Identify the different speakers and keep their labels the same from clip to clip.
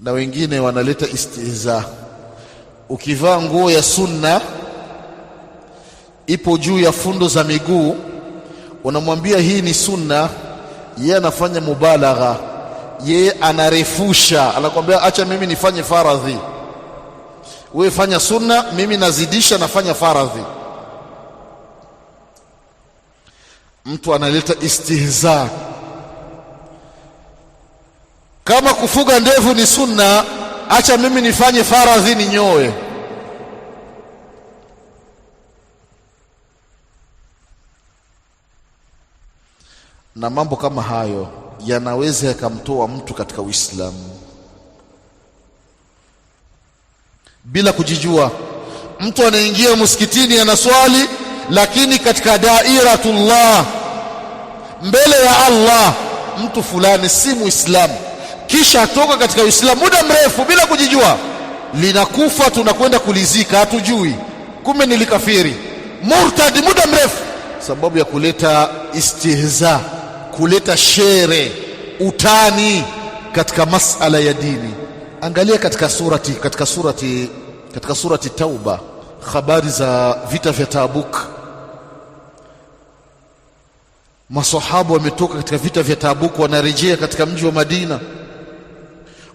Speaker 1: na wengine wanaleta istihza. Ukivaa nguo ya sunna ipo juu ya fundo za miguu, unamwambia hii ni sunna, yeye anafanya mubalagha, yeye anarefusha, anakwambia acha mimi nifanye faradhi, wewe fanya sunna, mimi nazidisha, nafanya faradhi. Mtu analeta istihza kama kufuga ndevu ni sunna, acha mimi nifanye faradhi ninyoe. Na mambo kama hayo yanaweza yakamtoa mtu katika Uislamu bila kujijua. Mtu anaingia msikitini anaswali, lakini katika dairatullah, mbele ya Allah, mtu fulani si Muislamu kisha atoka katika Uislamu muda mrefu bila kujijua, linakufa tunakwenda kulizika, hatujui kumbe nilikafiri. Murtadi muda mrefu, sababu ya kuleta istihza, kuleta shere, utani katika masala ya dini. Angalia katika surati, katika surati, katika surati Tauba, habari za vita vya Tabuk. masahabu wametoka katika vita vya Tabuk, wanarejea katika mji wa Madina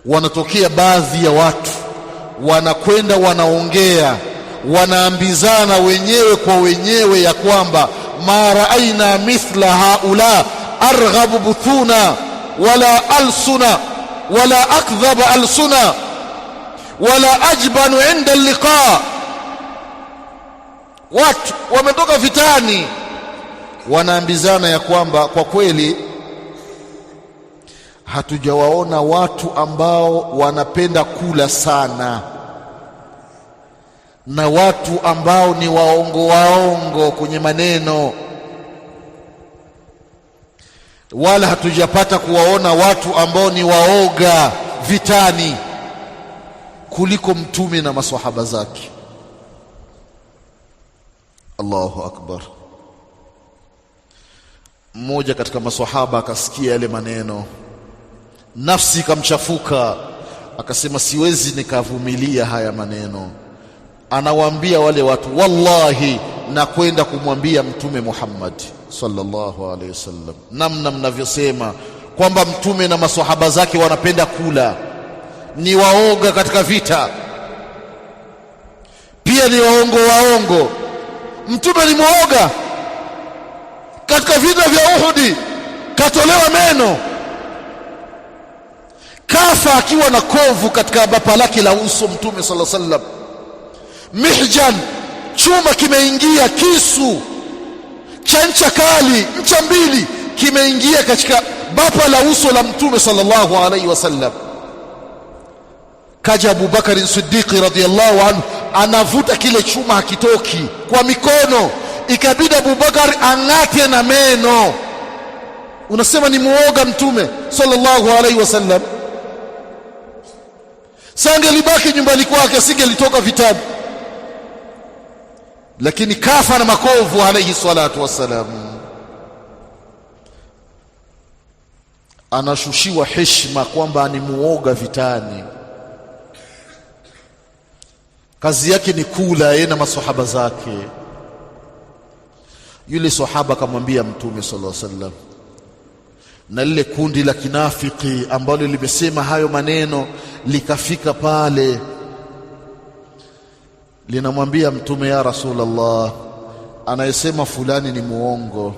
Speaker 1: wanatokea baadhi ya watu wanakwenda wanaongea wanaambizana wenyewe kwa wenyewe ya kwamba ma raaina mithla haula arghabu buthuna wala alsuna wala akdhab alsuna wala ajbanu inda liqa watu wametoka vitani wanaambizana ya kwamba kwa kweli hatujawaona watu ambao wanapenda kula sana na watu ambao ni waongo waongo kwenye maneno, wala hatujapata kuwaona watu ambao ni waoga vitani kuliko mtume na maswahaba zake. Allahu akbar! Mmoja katika maswahaba akasikia yale maneno Nafsi ikamchafuka akasema, siwezi nikavumilia haya maneno. Anawaambia wale watu, wallahi nakwenda kumwambia Mtume Muhammad sallallahu alaihi wasallam, namna mnavyosema kwamba mtume na maswahaba zake wanapenda kula, ni waoga katika vita, pia ni waongo waongo. Mtume ni mwoga katika vita vya Uhudi, katolewa meno kafa akiwa na kovu katika bapa lake la uso. Mtume sala sallam, mihjan, chuma kimeingia, kisu cha ncha kali, ncha mbili, kimeingia katika bapa la uso la Mtume sallallahu alaihi wasallam. Kaja Abubakari sidiqi radhiallahu anhu, anavuta kile chuma hakitoki kwa mikono, ikabidi Abubakari ang'ate na meno. Unasema ni muoga Mtume sallallahu alaihi wasallam sangelibaki nyumbani kwake, singelitoka vitabu, lakini kafa na makovu alayhi salatu wassalam. Anashushiwa heshima kwamba ni muoga vitani, kazi yake ni kula yeye na masohaba zake. Yule sahaba akamwambia Mtume sallallahu alaihi wasallam na lile kundi la kinafiki ambalo limesema hayo maneno likafika pale linamwambia Mtume, ya Rasulullah, anayesema fulani ni muongo,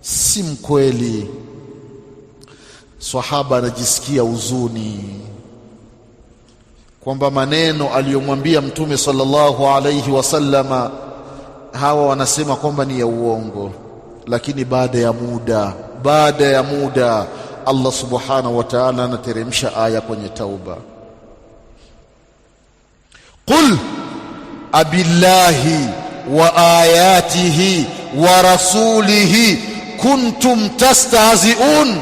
Speaker 1: si mkweli. Sahaba anajisikia huzuni kwamba maneno aliyomwambia Mtume sallallahu alaihi wasallama hawa wanasema kwamba ni ya uongo, lakini baada ya muda baada ya muda Allah subhanahu wa ta'ala anateremsha aya kwenye tauba qul abillahi wa ayatihi wa rasulihi kuntum tastahzi'un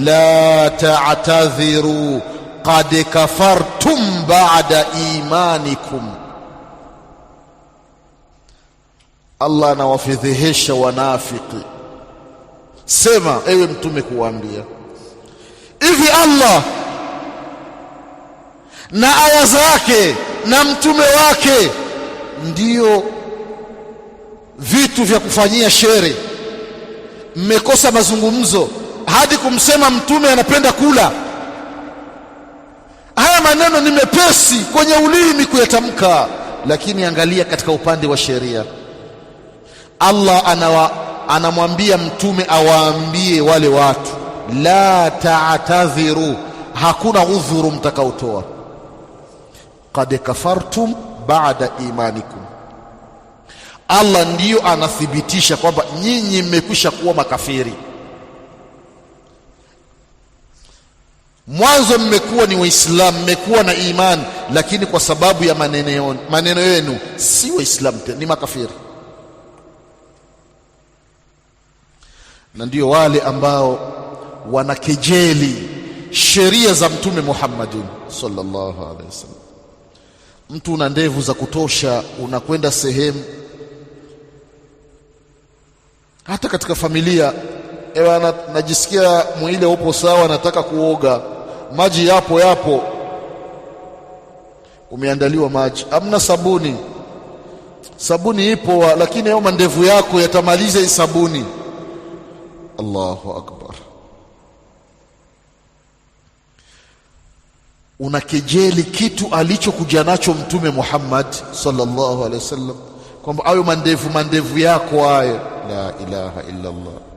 Speaker 1: la ta'tadhiru qad kafartum ba'da imanikum Allah anawafidhihisha wanafiki Sema ewe Mtume, kuwaambia hivi, Allah na aya zake na mtume wake ndiyo vitu vya kufanyia shere. Mmekosa mazungumzo hadi kumsema mtume anapenda kula. Haya maneno ni mepesi kwenye ulimi kuyatamka, lakini angalia katika upande wa sheria, Allah anawa anamwambia Mtume awaambie wale watu, la taatadhiru, hakuna udhuru mtakaotoa. Qad kafartum baada imanikum, Allah ndiyo anathibitisha kwamba nyinyi mmekwisha kuwa makafiri. Mwanzo mmekuwa ni Waislamu, mmekuwa na imani, lakini kwa sababu ya maneno yenu si Waislamu tena, ni makafiri. na ndio wale ambao wanakejeli sheria za Mtume Muhammadin sallallahu alaihi wasallam. Mtu una ndevu za kutosha, unakwenda sehemu, hata katika familia ewe, najisikia mwili upo sawa, nataka kuoga, maji yapo yapo, umeandaliwa maji, amna sabuni. Sabuni ipo, lakini ao mandevu yako yatamaliza hii sabuni Allahu akbar. Unakejeli kitu alichokuja nacho Mtume Muhammad sallallahu alaihi wasallam, kwamba ayo mandevu mandevu yako hayo, la ilaha illa Allah.